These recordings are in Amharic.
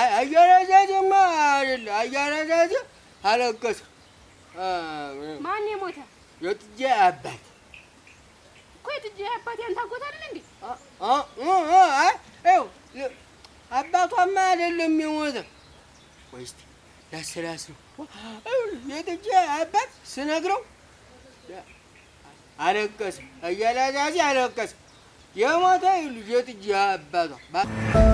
አያራዛዜማ አይደለ አያራዛዜ አለቀሰ። ማን የሞተ? የጥጃ አባት እኮ የጥጃ አባት ያንተ አጎት አይደል እንዴ? አባቷማ አይደለም የሞተ ወይስ ላስላስ ነው? የጥጃ አባት ስነግረው አለቀሰ። አያራዛዜ አለቀሰ። የሞተ ይሉ የጥጃ አባቷ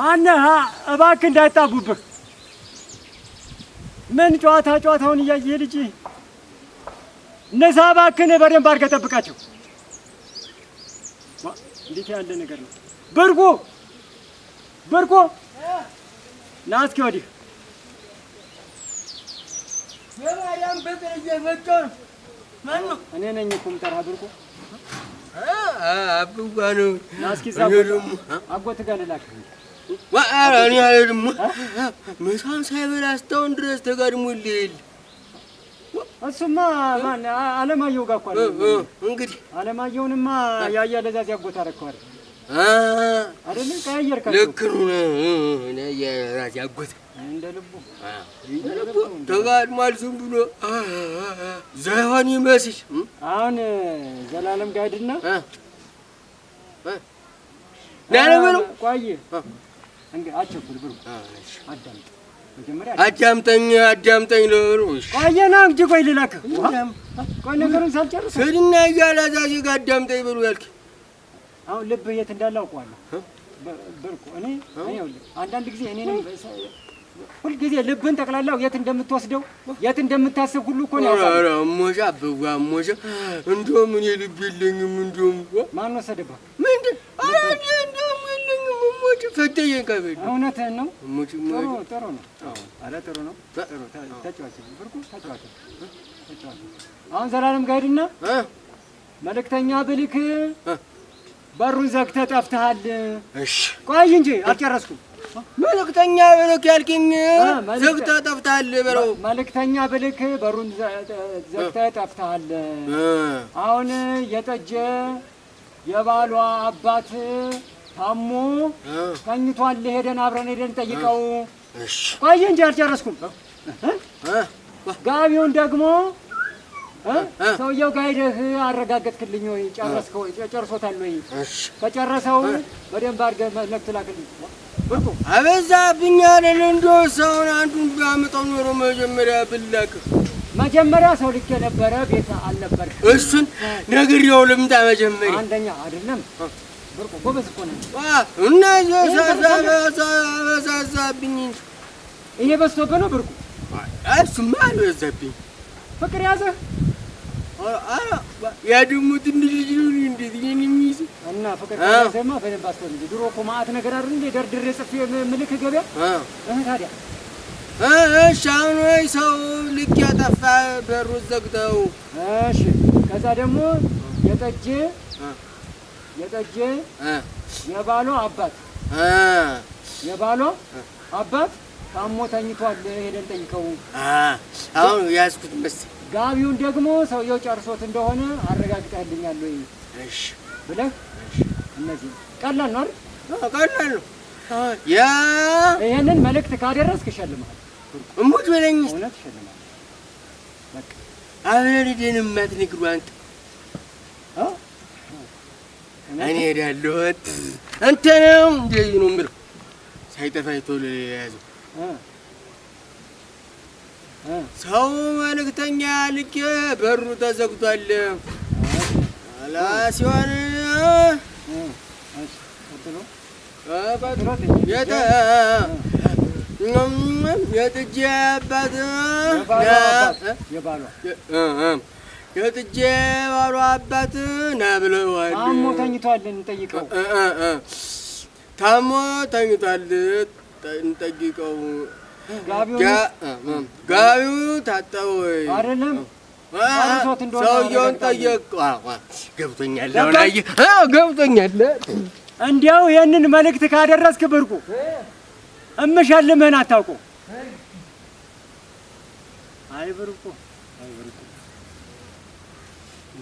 ማነህ? እባክህ እንዳይጣቡብህ። ምን ጨዋታ ጨዋታውን እያየህ ልጅ እነዛ እባክህን በደንብ አድርገህ ጠብቃቸው። እንዴት ያለ ነገር ነው! ብርቁ ብርቁ፣ ና እስኪ ወዲህ በማርያም በጥር እየመጣሁ ማን ነው? እኔ ነኝ እኮ የምጠራህ ብርቁ። አብጓኑ ነው። ና እስኪ ጋር ልላክህ እኔ አልሄድም። ምሳን ሳይበላ እስካሁን ድረስ ተጋድሞ እሱማ ማን አለማየሁ ጋር እኮ እንግዲህ አለማየሁንማ ያያ ለዛ ሲያጎት አደረግከዋል አይደል? ቀያየርካል። ልክ ነው። ራሴ አጎት እንደ ልቡ ተጋድሟል። ዝም ብሎ ዘሆን ይመስል አሁን ዘላለም ጋድና ናነበለው ቆይ አቸኩል ብሩ አዳምጥ፣ መጀመሪያ አዳምጠኝ፣ አዳምጠኝ ልብሩ። ቆየና እንጂ ቆይ ልለክህ። ቆይ ነገሩን ሳልጨርስ ስድና እያለ ዛዜ ጋር አዳምጠኝ ብሩ ያልክ አሁን ልብህ የት እንዳለ አውቀዋለሁ። ብርቁ እኔ አንዳንድ ጊዜ እኔንም ሁልጊዜ ልብህን ጠቅላላው የት እንደምትወስደው የት እንደምታስብ ሁሉ እኮ ነው። ኧረ አሞሻ አበባ እንደውም እኔ ልብ የለኝም። እንደውም ማን ወሰደብህ ምንድን ትጠየቃ ነው። ጥሩ ነው። ነው። አሁን ዘላለም ጋይድና መልእክተኛ ብልክ በሩን ዘግተህ ጠፍተሃል። ቆይ እንጂ አልጨረስኩም። መልእክተኛ ብልክ ያልኪኝ ዘግተህ ጠፍተሃል በለው። መልእክተኛ ብልክ በሩን ዘግተህ ጠፍተሃል። አሁን የጠጀ የባሏ አባት አሙ ተኝቷል። ሄደን አብረን ሄደን ጠይቀው። እሺ ቆይ እንጂ አልጨረስኩም። ጋቢውን ደግሞ ሰውየው ጋር ሄደህ አረጋገጥክልኝ ወይ? ጨረስከው? ጨርሶታል ወይ? ከጨረሰው በደንብ አድርገህ መልዕክት ላክልኝ። አበዛ አበዛብኝ እንዶ እንደው ሰውን አንዱን ባመጣው ኖሮ መጀመሪያ ብላክ መጀመሪያ ሰው ልክ የነበረ ቤት አልነበረ። እሱን ነግሬው ልምጣ መጀመሪያ አንደኛ አይደለም ጎበዝ እኮ ይሄ በዝቶብህ ነው ብርቁ። እሱማ አልበዛብኝ። ፍቅር ያዘህ ያደግሞ ትንሽ ልጅ ነው እንዴት ይሄን የሚይዝ እና ፍቅር ያዘህማ በደንብ አስተውል እንጂ ድሮ እኮ ማዕት ነገር አይደል እንደ ደርድሬ ጽፌ ምልክ ገበያ ታዲያ እሺ አሁን ወይ ሰው ልክ ያጠፋ በሩን ዘግተው፣ እሺ ከዛ ደግሞ የጠጅ የጠጄ የባሎ አባት የባሏ አባት ታሞ ተኝቷል። ሄደን ጠይቀው። አሁን ያዝኩት መሰለኝ። ጋቢውን ደግሞ ሰውየው ጨርሶት እንደሆነ አረጋግጠህልኛል ወይ ብለህ እነዚህ ቀላል ነው አይደል? ቀላል ነው። ያ ይሄንን መልእክት ካደረስክ እሸልምሃል። እሙት በለኝ። እውነት እሸልምሃል። በቃ አብረን ሂደን የማትነግሩ አንተ እኔ እሄዳለሁ። አንተ ነው እንደዚህ ነው የምለው። ሳይጠፋኝ ቶሎ የያዘው ሰው መልእክተኛ ልኬ በሩ ተዘግቷል አላ ሲሆን የጥጃ አባት የጥጄ ባሏ አባት ናብለ ዋል ታሞ ተኝቷል እንጠይቀው። ታሞ ተኝቷል እንጠይቀው። ጋቢው ታጠበ አይደለም? ሰውየውን ጠየቅ። ገብቶኛል፣ ገብቶኛል። እንዲያው ይህንን መልእክት ካደረስክ ብርቁ እምሸልምህን አታውቁ። አይ ብርቁ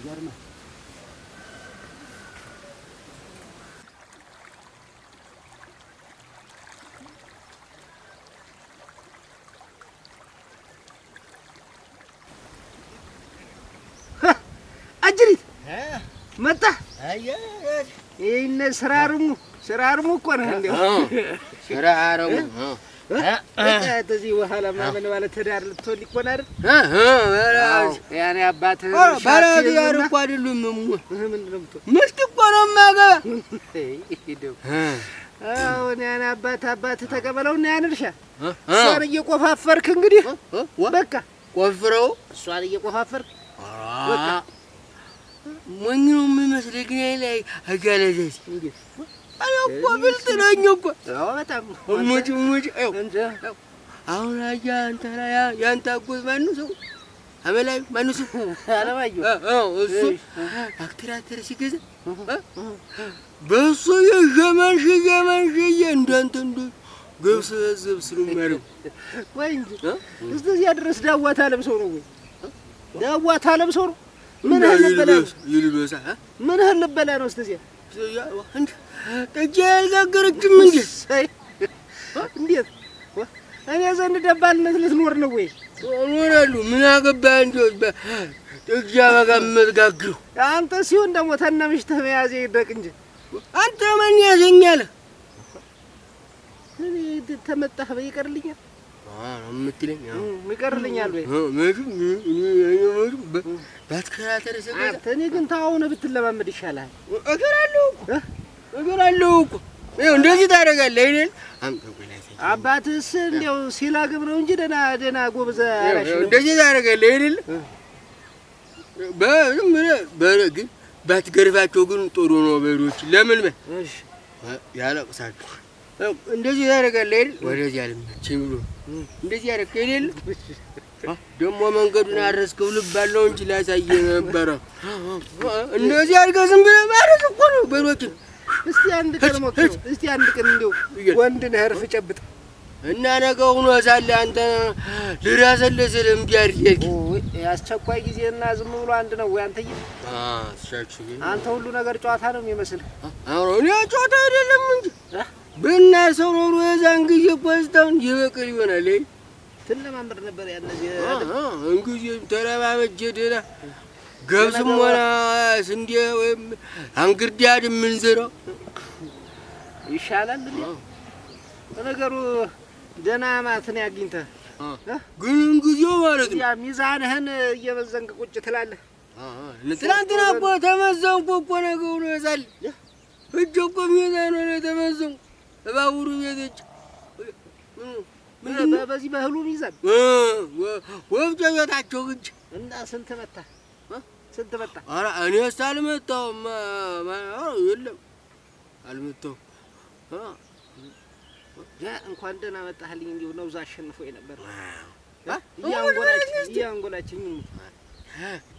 ይገርማል። አጅሪት መጣ። ይህን ስራ አርሙ፣ ስራ አርሙ እኮ ነህ እንዲያው ስራ አርሙ እዚህ ውሃ ለማመን ማለት ትዳር ልትሆን ሊሆን አይደል? ያኔ አባትህ ባለትዳር እኮ ነው የማገባ። አሁን ያኔ አባት አባት ተቀበለውና ያን እርሻ እሷን እየቆፋፈርክ እንግዲህ በቃ ቆፍረው እሷን እየቆፋፈርክ ሞኝ ነው የሚመስለኝ ግን ላይ አጋለዘች እኔ አሁን አየህ አንተ ላይ የአንተ አጎት ማነው ሰው አመላዩ ማነው ሰው አለማየሁ እሱ አክትራተር ሲገዛ በእሱ የሸመንሽ የመንሽዬ እንዳንተ እንደ ገብስ ዘብስ ነው የሚያደርጉ ወይ እንጂ እስከዚያ ድረስ ዳዋት አለም ሰው ነው ወይ ዳዋት አለም ሰው ነው ምን እህል ልበላ ነው እስከዚያ ጠጅ ያልጋገረችም እንዴ? እንዴት እኔ ዘንድ ደባልነት ልትኖር ነው ወይ? ኖራሉ ምን አገባ እንዲ ጠጅ በጋ መትጋግረው አንተ ሲሆን ደግሞ ተነምሽተህ መያዜ ይደቅ እንጂ አንተ ማን ያዘኛለህ? ተመጣህ በይቀርልኛል የምትለኝ ግን ታሁን ብትለማመድ ይሻላል። እገራለሁ እኮ እገራለሁ እኮ እንደዚህ ታደርጋለህ እንዲያው ሲላግብ ነው እንጂ ደህና ደህና ጎበዝ እንደዚህ ታደርጋለህ አይደል? ግን ባትገርፋቸው ግን ጥሩ ነው። በሮች ለምን ያለቅሳችሁ እንደዚህ ታደርጋለህ አይደል? ወደዚህ ብሎ እንደዚህ ያደረክ የሌለ ደግሞ መንገዱን አረስከው ልባለው አለው እንጂ ላሳየ ነበረ። እንደዚህ አድርገህ ዝም ብለህ አረስ እኮ ነው በሮችን። እስቲ አንድ ቀን ሞክረው፣ እስቲ አንድ ቀን እንደው ወንድ ነህ እርፍ ጨብጥ እና ነገ ሆኖ ሳለ አንተ ልራሰለስል እምቢ አድርጌ አስቸኳይ ጊዜ እና ዝም ብሎ አንድ ነው ወይ አንተዬ? አንተ ሁሉ ነገር ጨዋታ ነው የሚመስል። እኔ ጨዋታ አይደለም እንጂ ብናሰሮሩ ኖሮ ፖስታውን ይበቅል ይሆናል። ትለማመድ ነበር ያለ እንጊዜ ተረባበጀ ደህና ገብስም ሆነ ስንዴ ወይም አንግርዳድ የምንዘራው ይሻላል። በነገሩ ማትን ግን ማለት ነው ሚዛንህን ቁጭ ትላለህ። ትናንትና እኮ ተመዘንኩ እኮ ነገሩ ይዛል እጅ እኮ ሚዛን ሆነ ተመዘንኩ በባቡሩ ቤት በዚህ በእህሉ ይዛል? ወፍጮ ቤታቸው እጅ እና ስንት መታ ስንት መታ? ኧረ እኔስ አልመጣሁም። የለም አልመጣሁም። እንኳን ደህና መጣህልኝ። እንዲሁ ነውዛ አሸንፎ የነበር እያንጎላችኝ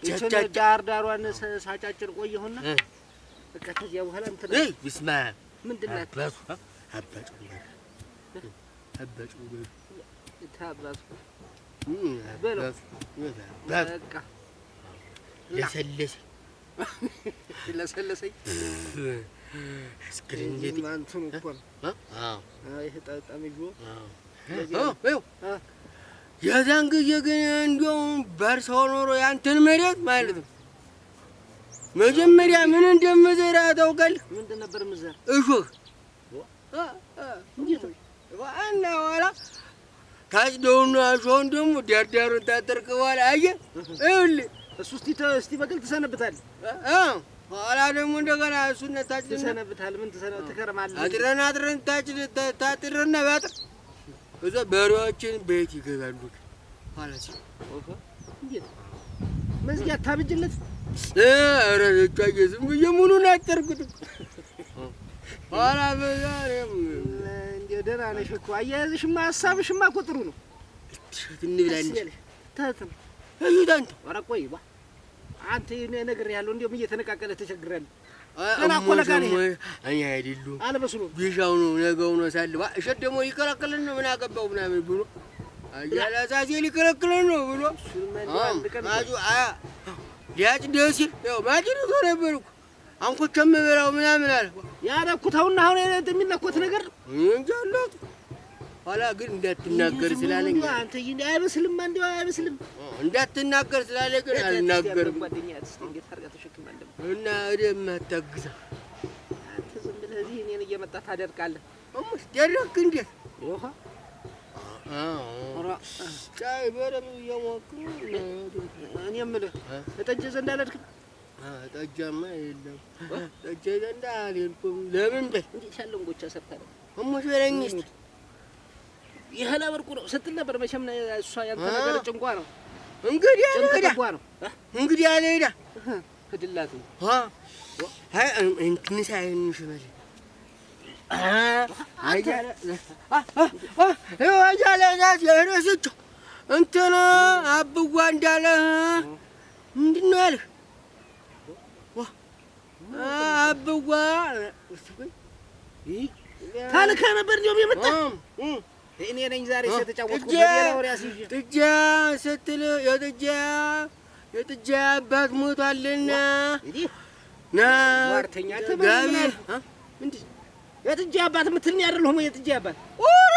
ይችን ዳር ዳሯን ሳጫጭን ቆየሁና በቃ ከዚያ በኋላ እንትን ምንድን ናት የዛን ጊዜ ግን እንዲያውም ባርሰው ኖሮ ያንተን መሬት ማለት ነው። መጀመሪያ ምን እንደምዘራ ታውቃለህ? ምንድን ነበር ምዘራ? እሾህ እና ኋላ ታጭደውና ሾውን ደግሞ ዳርዳሩን ታጠርቅ በኋላ አየህ፣ ይኸውልህ እሱ እስቲ በቅል ትሰነብታለህ። ኋላ ደግሞ እንደገና እሱን ታጭድ ትሰነብታለህ። ምን ትከርማለህ? አጥረን አጥረን ታጭድ ታጥረና ባጥር እዛ በሬዎችን ቤት ይገባሉ። ኋላ ሲ መዝጊያ ታብጅለት ኧረ ዝም ብዬ ሙሉን አጠርኩት። ኋላ በዛሬም እንደው ደህና ነሽ እኮ አያያዝሽማ፣ ሀሳብሽማ እኮ ጥሩ ነው። እሸት እንብላለሽ አንተ ኧረ ቆይ ባ እንደውም እየተነቃቀለ ተቸግሬያለሁ። ገና እኮ ለጋ ነው እኔ አይደሉም አልበስሉ ደግሞ ሊከለክለን ነው ምን አገባው ምናምን ብሎ አያላዛዜ ሊከለክለን ነው ብሎ ማጁ አያ ሊያጭ ደስ ይል ያው ማጭ ነው ነበር አንኮቸም በላው ምናምን አለ ያደረኩት አሁን አሁን የሚለኮት ነገር እንጃ ኋላ ግን እንዳትናገር ስላለኝ አንተ አይመስልም፣ እንዲያው አይመስልም። እንዳትናገር ስላለኝ ግን አልናገርም። እና እደም አታግዛ አንተ ዝም ብለህ እዚህ እኔን ታደርቃለህ። ደረክ እንዴ? ጠጃማ የለም። ጠጃ ይዘንዳ አልሄድኩም። ለምን በል እንዴት ያለ እንጎቻ ሰርታለሁ። እሙሽ በለኝ እስኪ ይሄ ለብርቁ ነው ስትል ነበር። መቼም እሷ ያንተ ነገር ጭንቋ ነው። እንግዲህ ጭንቋ እንግዲህ አለ ሄዳ ነው። አይ እንትንስ አይንሽ በል እንትን አብዋ እንዳለህ ምንድን ነው ያለህ? አብዋ ታልካ ነበር እንዲያውም የመጣህ እኔ ነኝ ዛሬ የተጫወትኩት ጥጃ ስትል የጥጃ የጥጃ አባት ሞቷልና ና ጋቢ የጥጃ አባት የምትል እኔ አይደለሁም። የጥጃ አባት ኦሮ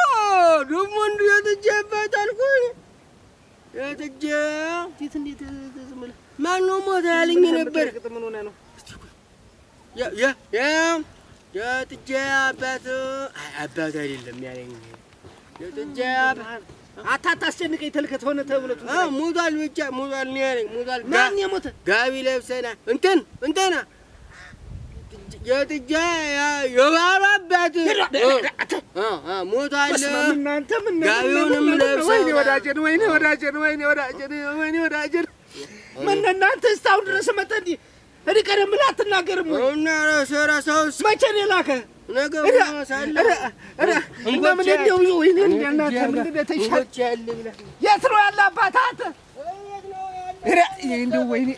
ደግሞ እንዱ የጥጃ አባት አልኩኝ። የጥጃ ፊት እንዴት ዝም ነበር። ምን ሆነህ ነው? የጥጃ አባት አባት አይደለም ያለኝ የጥጃ አታታስጨንቀኝ ተልከት ሆነ ተብለቱ ሙቷል ብቻ ሙቷል ነው ያለኝ ሙቷል ማን የሞተ ጋቢ ለብሰና እንትን እንትና የጥጃ የባሉ አባት ሞቷል ጋቢውንም ለብሰና ወዳጀን ወይኔ ወዳጀን ወይኔ ወዳጀን ወይኔ ወዳጀን ምን እናንተ እስካሁን ድረስ መጠን እኔ ቀደም ብለህ አትናገርም ወይ? እና እራስህ መቼ ነው የላከህ? የት ነው ያለ አባት እንደው ወይኔ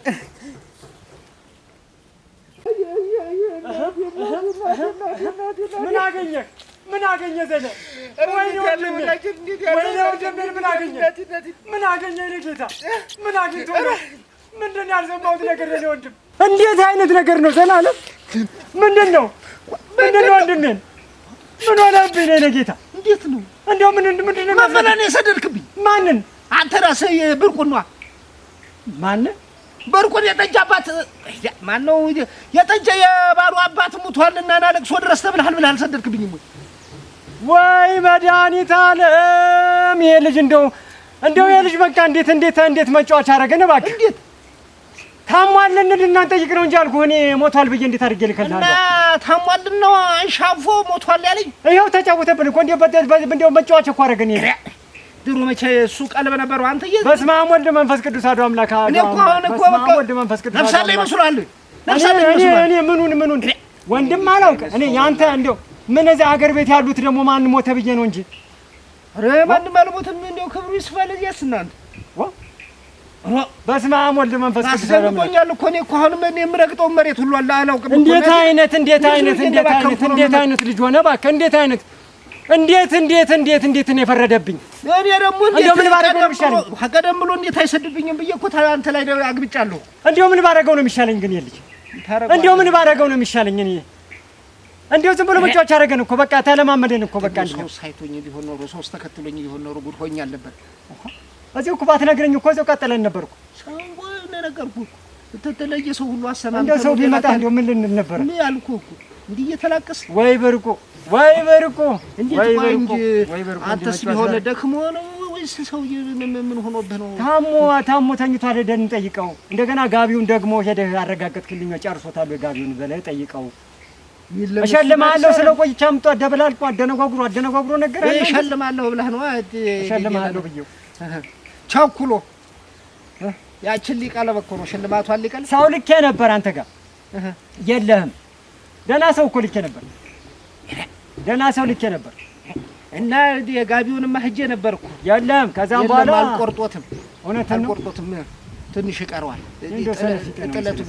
ምን አገኘህ? ምን አገኘህ ዘለ ወይኔ ወይኔ ምን አገኘህ? ምን አገኘህ? ጌታ ምን አግኝቶ ነው ምንድን ያልሰማሁት ነገር ነው ወንድም? እንዴት አይነት ነገር ነው ዘላለም? ምንድን ነው ምንድን ነው ወንድሜን? ምን ሆነብኝ ነው ለጌታ? እንዴት ነው እንደው ምን ምንድን ነው መፈላን የሰደድክብኝ? ማንን? አንተ ራስህ የብርቁን ነዋ። ማንን? ብርቁን የጠጅ አባት ማን ነው? የጠጅ የባሉ አባት ሙቷልና ናለቅሶ ድረስ ተብልሃል ብለህ አልሰደድክብኝ ወይ? ወይ መድኃኒት ዓለም ይሄ ልጅ እንደው እንደው ይሄ ልጅ በቃ እንዴት እንዴት እንዴት መጫወቻ አደረገን እባክህ እንዴት ታሟልን እንል እናንጠይቅ ነው እንጂ አልኩህ። እኔ ሞቷል ብዬ እንዴት አድርጌ ልከልሃለሁ? እና ታሟል ነው አንሻፎ ሞቷል ያለኝ። ይኸው ተጫወተብን እኮ እንዲያው እንዲያው መጫወቻ እኮ አደረገን። ድሮ መቼ እሱ ቀልብ ነበረው። አንተ ይሄ በስመ አብ ወልድ መንፈስ ቅዱስ አሐዱ አምላክ። እኔ እኮ አሁን እኮ በቃ ወልድ መንፈስ ቅዱስ ነፍሳለ ይመስላል። ነፍሳለ ይመስላል። እኔ ምኑን ምኑን ወንድም አላውቅ። እኔ ያንተ እንዲያው ምን እዚያ አገር ቤት ያሉት ደግሞ ማን ሞተ ብዬ ነው እንጂ ኧረ ማንም አልሞትም። እንዲያው ክብሩ ይስፋል። ለዚያስ እናንተ በስመ አብ ወልድ መንፈስ ቅዱስ እኮ እኔ እኮ አሁንም እኔ የምረግጠውን መሬት ሁሉ አላውቅም። እንዴት አይነት እንዴት አይነት እንዴት አይነት እንዴት አይነት ልጅ ሆነ እባክህ! እንዴት አይነት እንዴት እንዴት እንዴት እንዴት ነው የፈረደብኝ። እኔ ደግሞ እንደው ምን ባደረገው ነው የሚሻለኝ? ቀደም ብሎ እንዴት አይሰድብኝም ብዬ እኮ አንተ ላይ አግብጫለሁ። ምን ነው የሚሻለኝ ግን ምን ባረገው ነው የሚሻለኝ እኔ እንዴው ዝም ብሎ መጫወቻ አደረገን እኮ በቃ ተለማመደን እኮ በቃ። ሰው ሳይቶኝ ቢሆን ኖሮ ሰው ተከትሎኝ ቢሆን ኖሮ ጉድ ሆኜ እዚሁ እኮ ባትነግረኝ እኮ እዚሁ ቀጠለን ነበርኩ። ሰው እኮ እንደነገርኩህ ተተለየ ሰው ሁሉ አሰማም። እንደ ሰው ቢመጣ እንደው ምን ልንል ነበር? ምን ያልኩህ እኮ እንዲህ እየተላቀስ ወይ በርቆ ወይ በርቆ እንዴት ነው እንጂ አንተስ ቢሆን ደክሞ ነው ወይስ ሰውዬ ምን ሆኖብህ ነው? ታሞ ታሞ ተኝቷል። ሄደን እንጠይቀው። እንደገና ጋቢውን ደግሞ ሄደህ አረጋገጥክልኝ፣ ጨርሶታል። ጋቢውን በላይ ጠይቀው። እሸልምሀለሁ ስለ ቆይቻ ምጡ አደበላልቆ አደነጓጉሮ አደነጓጉሮ ነገር እሸልምሀለሁ ብለህ ነው እሸልምሀለሁ ብዬው ቸኩሎ ያችን ሊቀለብ እኮ ነው ሽልማቷን ሊቀል ሰው ልኬ ነበር። አንተ ጋር የለህም። ደህና ሰው እኮ ልኬ ነበር። ደህና ሰው ልኬ ነበር እና የጋቢውንማ ሂጄ ነበር እኮ የለህም። ከዛም በኋላ አልቆርጦትም፣ እውነት አልቆርጦትም። ትንሽ ይቀረዋል። ጥለቱ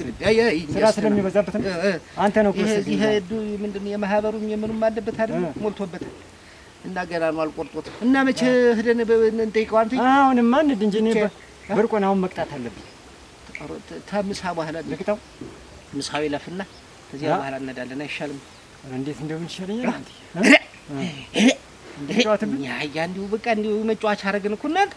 ስራ ስለሚበዛበት አንተ ነው ይሄ ምንድን የማህበሩም የምኑም አለበት አይደል? ሞልቶበታል እና ገና ነው አልቆርጦት እና መቼ ህደን እንጠይቀው። አንተ አሁንማ እንሂድ እንጂ እኔ በርቆን አሁን መቅጣት አለብኝ። ተምሳ በኋላ ልቅጣው። ምሳዊ ለፍና ከዚያ በኋላ እንሄዳለን። አይሻልም? እንዴት እንደምን ይሻለኛል። አንተ ያ እንዲሁ በቃ እንዲሁ መጫወቻ አረግን እኮ እናንተ።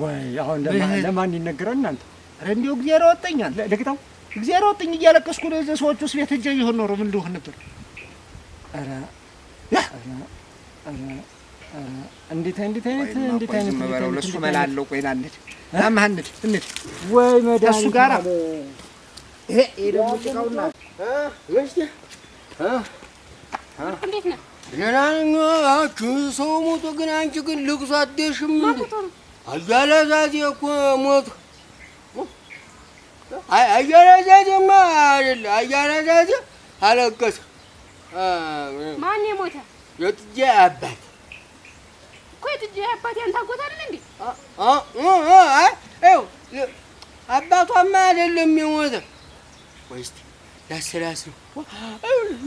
ወይ አሁን ለማን ይነገራል እናንተ? ኧረ እንዲሁ እግዚአብሔር አወጣኛል። ልቅጣው። እግዚአብሔር አወጣኝ እያለቀስኩ ነው። እዚያ ሰዎች ውስጥ ቤት ሂጅ ይሆን ኖሮ ምን ልሆን ነበር? ኧረ እንዴት እንዴት አይነት እንዴት አይነት ለሱ መላለው። ቆይ ላንድ ወይ መዳን እሱ ጋራ ይሄ ደግሞ ጭቃውና ደህና ሰው ሞቶ ግን አንቺ ግን ልቅሶ አትደሽም እንዴ? እኮ ሞት አይደለ አለቀሰ ማን የሞተ? የጥጃ አባት እኮ የጥጃ አባት ያንተ አጎት አይደል እንዴ? አባቷማ አይደለም የሞተ ወይስ ላስላስ ነው?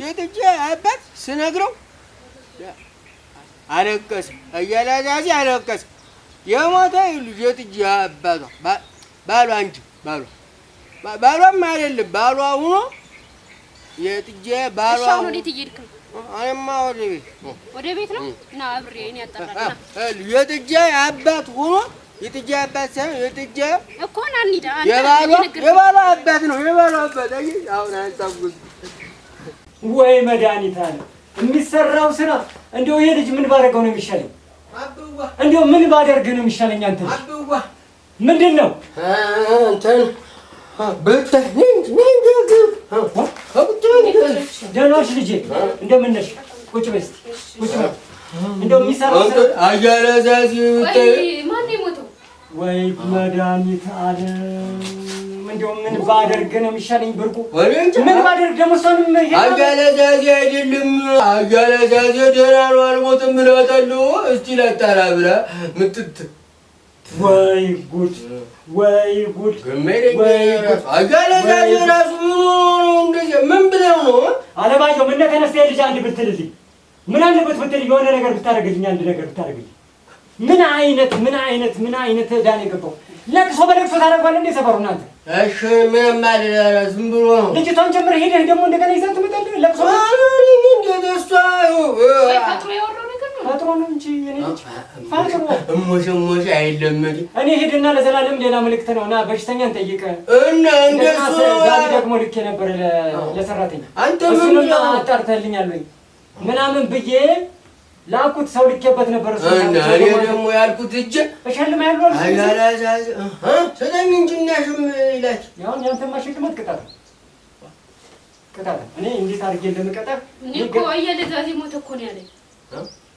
የጥጃ አባት ስነግረው አለቀሰ እያላዛዚ አለቀሰ። የሞተ ይኸውልሽ የጥጃ አባቷ ባሏ እንጂ ባሏ ባሏም አይደለም ባሏ ሁኖ የጥጄ ባሏ አሁን ወዴት እየሄድክ ነው? እኔማ ወደ ቤት ወደ ቤት ነው። ና አብሬ እኔ ያጠራና የጥጄ አባት ሆኖ የጥጄ አባት ሳይሆን የጥጄ እኮ ና እንሂድ። የባሏ የባሏ አባት ነው። የባሏ አባት አይ አሁን አንታጉዝ ወይ መድኃኒት አለ የሚሰራው ስራ እንደው ይሄ ልጅ ምን ባደርገው ነው የሚሻለኝ? እንደው ምን ባደርግ ነው የሚሻለኝ? አንተ ምንድን ነው እንትን ብልተ ደህና ነሽ ወይ መድኃኒት አለ። እንደው ምን ባደርግ ነው የሚሻለኝ? ብርቁ ምን ባደርግ ደግሞ ሰውንም አጃራዛዚ አይደለም አጃራዛዚ ደህና ነው አልሞትም ብለዋታል። እስቲ ላጣራ ብላ ምጥት ወይ ጉድ! ወይ ጉድ! አጋለጋዜ ራሱ ምን ብለው ነው አለማየሁ? ምን ተነስተህ ልጅ አንድ ብትልልኝ ምን አለበት ብትል የሆነ ነገር ብታደርግልኝ አንድ ነገር ብታደርግልኝ። ምን አይነት ምን አይነት ምን አይነት ዳን የገባው ለቅሶ በለቅሶ ታደርጓለህ እንዴ? ሰፈሩን አንተ እሺ፣ ምንም አይደለ፣ ዝም ብሎ ነው። ልጅቷን ጀምረህ ሄደህ ደግሞ እንደገና ይዘህ ትመጣለህ ለቅሶ ፈጥሮ ነው እንጂ ፈጥሮ አይለመድ። እኔ ሄድና ለዘላለም ሌላ ምልክት ነው እና በሽተኛን ጠይቀ እና እንደሱ ደግሞ ልኬ ነበር ለሰራተኛ አንተ ምን አጣርተህልኛለኝ ምናምን ብዬ ላኩት ሰው ልኬበት ነበር። እና እኔ ደግሞ ያልኩት እጄ እሸልም ያሉ አላዛዝ ቅጣት ቅጣት እኔ እንዴት አድርጌ እንደምቀጣ እኔ እኮ እየልዛዜ ሞት እኮ ነው ያለኝ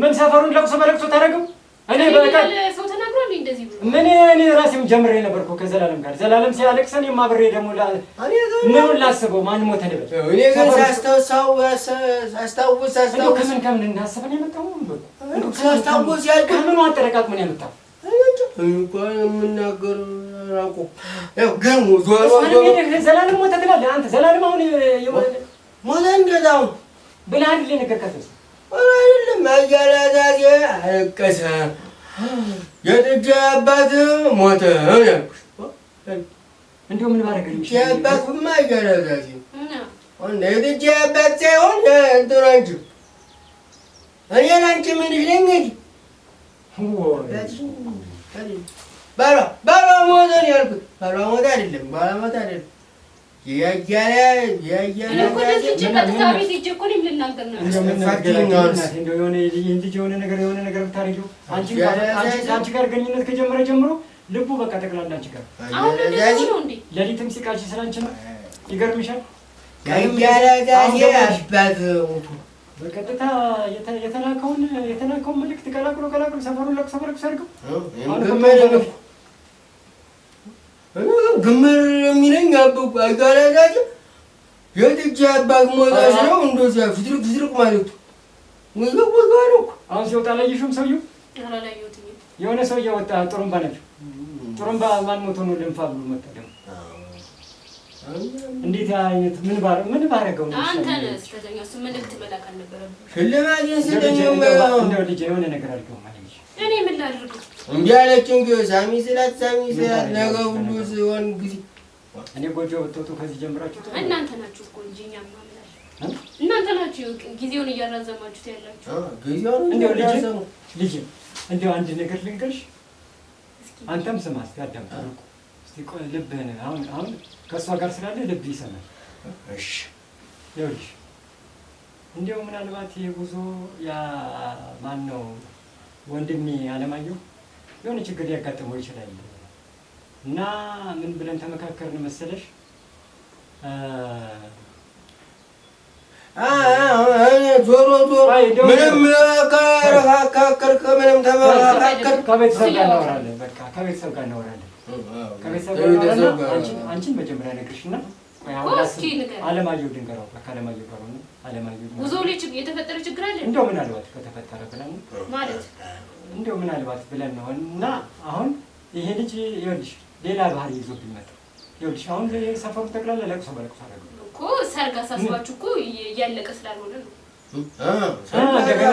ምን ሰፈሩን ለቅሶ በለቅሶ ታደርገው? እኔ ሰው ምን እኔ ራሴም ጀምሬ ነበር እኮ ከዘላለም ጋር ዘላለም ሲያለቅስ እኔም አብሬ ደግሞ ምኑን ላስበው? ማን ሞተ ልበል? እንደው ከምን ከምን እንዳስብ የመጣው። ሳስታውስ ከምኑ አጠረቃቅሞ ነው የመጣው ዘላለም ሞተ ትላለህ አንተ። ዘላለም አሁን ሞተ እንደዚያ አሁን ብላ አይደለ ነገርካት አይደለም አያላዛዜ አለቀሰ የጥጃ አባት ሞተ ያልኩሽ። እንደው ምን ባደረገልኝ አባትማ አያላዛዜ የጥጃ አባት ሳይሆን እንትን እኔ ለአንቺ ምንሽ ነኝ ባሏ ባሏ ሞተ ያልኩት። ባሏ ሞተ አይደለም ባሏ ሞተ አይደለም የሆነ ነገር የሆነ ነገር ብታደርጊው አንቺ ጋር ግንኙነት ከጀመረ ጀምሮ ልቡ በቃ ጠቅላላ አንቺ ጋር ሌሊትም ሲቃልሽ ስላንቺ ነው። ይገርምሻል። በቀጥታ የተላከውን መልዕክት ቀላቅሎ ቀላቅሎ ሰፈሩን ለቅሶ በለቅሶ አድርገው ግምር የሚለኝ አይጋላዳጅ የጥጃ አባት ሞታች ነው። እንደዚያ ፍትርቅ ፍትርቅ ማለት አሁን ሲወጣ አላየሽውም? ሰውዬው የሆነ ሰውዬ ወጣ። ጥሩምባ ናቸው። ጥሩምባ ማን ሞቶ ነው ልንፋ ብሎ መጣ። ደግሞ እንዴት አይነት ምን ምን ባረገው ነው? አንተ ነህ ስተኛው መልዕክት የሆነ ነገር አድርገው ማለት እኔ ምን ላድርግ እንዲህ አለችኝ። እንግዲህ ሳሚ ስላት ሳሚ ስላት ነገ ሁሉ ሲሆን ጊዜ እኔ ጎጆ ብትወጡ ከዚህ ጀምራችሁ እናንተ ናችሁ እኮ እንጂ እኛ እናንተ ናችሁ ጊዜውን እያራዘማችሁት ያላችሁ። እንዲያው ልጅ እንዲያው አንድ ነገር ልንገርሽ፣ አንተም ስማ እስኪ አዳምጥ። እስኪ ቆይ ልብህን አሁን አሁን ከእሷ ጋር ስላለ ልብ ይሰማል። እሺ ይኸውልሽ፣ እንዲያው ምናልባት ጉዞ ያ ማን ነው ወንድሜ አለማየሁ የሆነ ችግር ሊያጋጥመው ይችላል እና ምን ብለን ተመካከርን መሰለሽ ዞሮ ዞሮ ምንም ካካከርክ ምንም ተመካከር ከቤተሰብ ጋር እናወራለን። በቃ ከቤተሰብ ጋር እናወራለን። ከቤተሰብ ጋር እናወራለን። አንቺን መጀመሪያ ነግርሽና አለማየሁ ድንገራው በቃ አለማየሁ ጋር ሆነ አለማየሁ ጉዞ ላይ የተፈጠረ ችግር አለ እንደው ምናልባት ከተፈጠረ ብላ ማለት እንደው ምናልባት ብለን ነው እና አሁን ይሄ ልጅ ይኸውልሽ ሌላ ባህሪ ይዞ ቢመጣ ይኸውልሽ አሁን ሰፈሩ ጠቅላላ ለቅሶ በለቅሶ አደረገ እኮ። ሰርግ አሳስባችሁ እኮ እያለቀ ስላልሆነ ነው። ነገር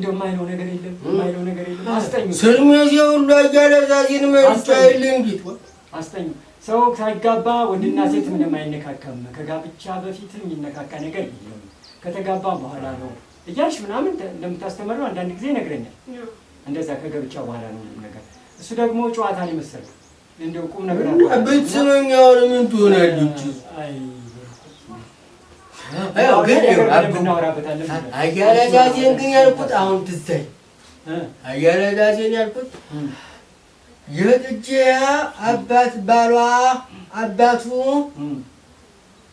ነገር አስጠኝ ሁሉ አስጠኝ ሰው ሳይጋባ ወንድና ሴት ምንም አይነካከም። ከጋብቻ በፊት የሚነካካ ነገር የለም። ከተጋባ በኋላ ነው እያልሽ ምናምን እንደምታስተምረው አንዳንድ ጊዜ ይነግረኛል። እንደዛ ከገብቻ በኋላ ነው ነገር። እሱ ደግሞ ጨዋታ ነው የመሰለው እንደው ቁም ነገር ብትስመኛውን ምን ትሆናለች? አያለዛዜን ግን ያልኩት አሁን ትዘኝ አያለዛዜን ያልኩት የልጄ አባት ባሏ አባቱ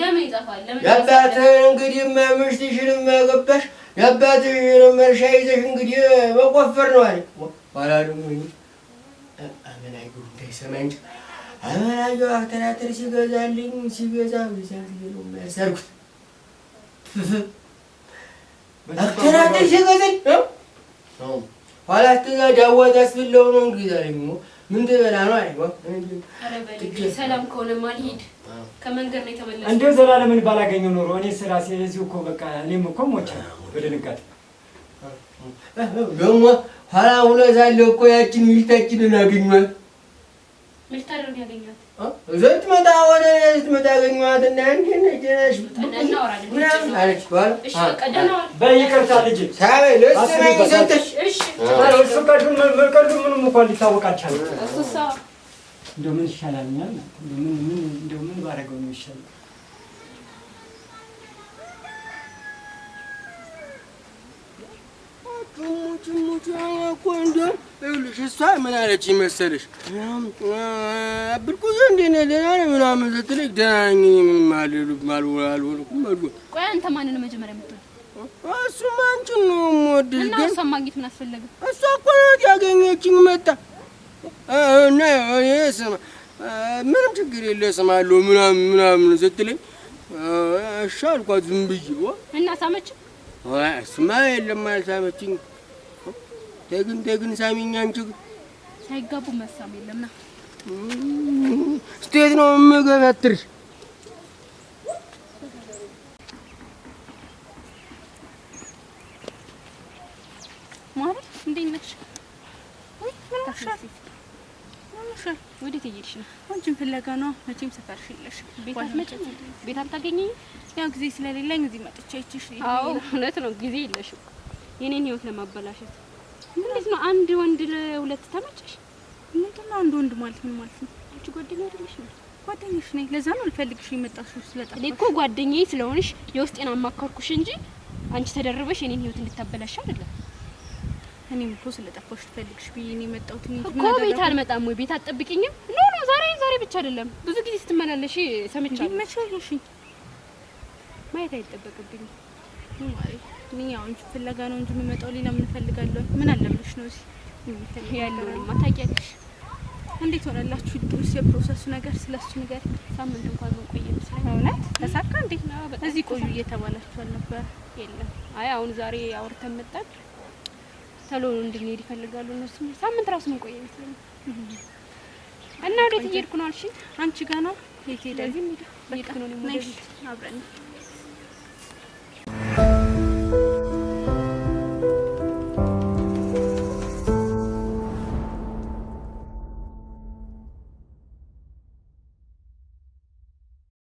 የአባትህን እንግዲህ ሚስትሽንም ያገባሽ የአባትሽንም እርሻ ይዘሽ እንግዲህ መቆፈር ነው አለኝ። ኋላ ደግሞ አመናየው እንዳይሰማ እንጂ አመናየው አትራትር ሲገዛልኝ ሲገዛ ያሰርኩት አትራትር ሲገዛልኝ ኋላ ትዛ ዳዋ ታስብለው ነው እንግዲህ አለኝ። ምን በላ ነው? አይ ሰላም ከሆነማ ልሂድ። ከመንገድ ነው የተመለስኩት። እንደው ዘላለምን ባላገኘው ኖሮ እኔ ስራሴ እዚሁ እኮ በቃ እኔም እኮ ሞቼ በድንጋጤ ደግሞ ኋላ ውሎ እዛለሁ እኮ ያችን ሚስታችንን አገኘኋት። ልታደርግ ያገኘኋት እዚህ ትመጣ ወደ ትመጣ ያገኘኋት እና እንዴት ነሽ ምናምን አለች። በይቅርታ ልጅ ምን ይሻላል? ምን ባደርገው ነው ይሻላል? እኮ እንደውም ይኸውልሽ እሷ ምን አለች መሰለሽ ብርቁዞ እንዴት ነህ ደህና ነህ ምናምን ስትለኝ ደህና ነኝ ምንም አልሆንኩም አልኩኝ ቆይ አንተ ማንን መጀመሪያ የምትወደው እሱማ አንቺን ነው የምወድሽ ግን እሷን ማግኘት ምን አስፈለገ እሷ እኮ ናት ያገኘችኝ መጣ እና እኔ ስማ ምንም ችግር የለ ስማለሁ ምናምን ምናምን ስትለኝ እሺ አልኳት ዝም ብዬሽ እና ሳመችኝ እሱማ የለም አልሳበችኝ። ደግን ደግን ሳሚኝ አንቺ ሳይጋቡ መሳም የለምና እስቴት ነው የምገፈትርሽ ፍለጋ ነው። መቼም ሰፈርሽ የለሽም። ቤት ቤት አልታገኘኝ። ያው ጊዜ ስለሌለኝ እዚህ መጥቼ አይቼሽ። አዎ እውነት ነው፣ ጊዜ የለሽም የኔን ህይወት ለማበላሸት። እንዴት ነው አንድ ወንድ ለሁለት ተመቸሽ? ምንድን ነው አንድ ወንድ ማለት ምን ማለት ነው? አንቺ ጓደኛ አይደለሽ? ጓደኛሽ ነኝ። ለዛ ነው ልፈልግሽ የመጣሽ። ስለጣ እኔ እኮ ጓደኛዬ ስለሆንሽ የውስጤን አማከርኩሽ እንጂ አንቺ ተደርበሽ የኔን ህይወት እንድታበላሽ አይደለም። እኔም እኮ ስለጠፋሽ ትፈልግሽ ብዬ ነው የመጣሁት እኮ። ቤት አልመጣም ወይ ቤት አትጠብቂኝም? ኖ ኖ፣ ዛሬ ዛሬ ብቻ አይደለም ብዙ ጊዜ ስትመላለሽ ሰምቻለሁ። መቻለሽ ማየት አይጠበቅብኝም። እኔ ያው እንጂ ፍለጋ ነው እንጂ የምመጣው ሌላ ምን እፈልጋለሁ? ምን አለብሽ ነው እዚህ ያለውን ማታውቂያለሽ። እንዴት ሆነላችሁ ድርስ የፕሮሰሱ ነገር ስለሱ ነገር ሳምንት እንኳን ነው መቆየት ስለሆነት ተሳካ። እንዴት ነው እዚህ ቆዩ እየተባላችሁ አልነበረ? የለም አይ አሁን ዛሬ አውርተን መጣን። ተሎ እንድንሄድ ይፈልጋሉ እነሱ። ሳምንት ራሱ ምን ቆየ ይመስለኛል። እና ወዴት እየሄድኩ ነው አልሽኝ? አንቺ ጋር ነው የት ሄዳለሁ? እዚህ ሄዳ ነው ነው አብረን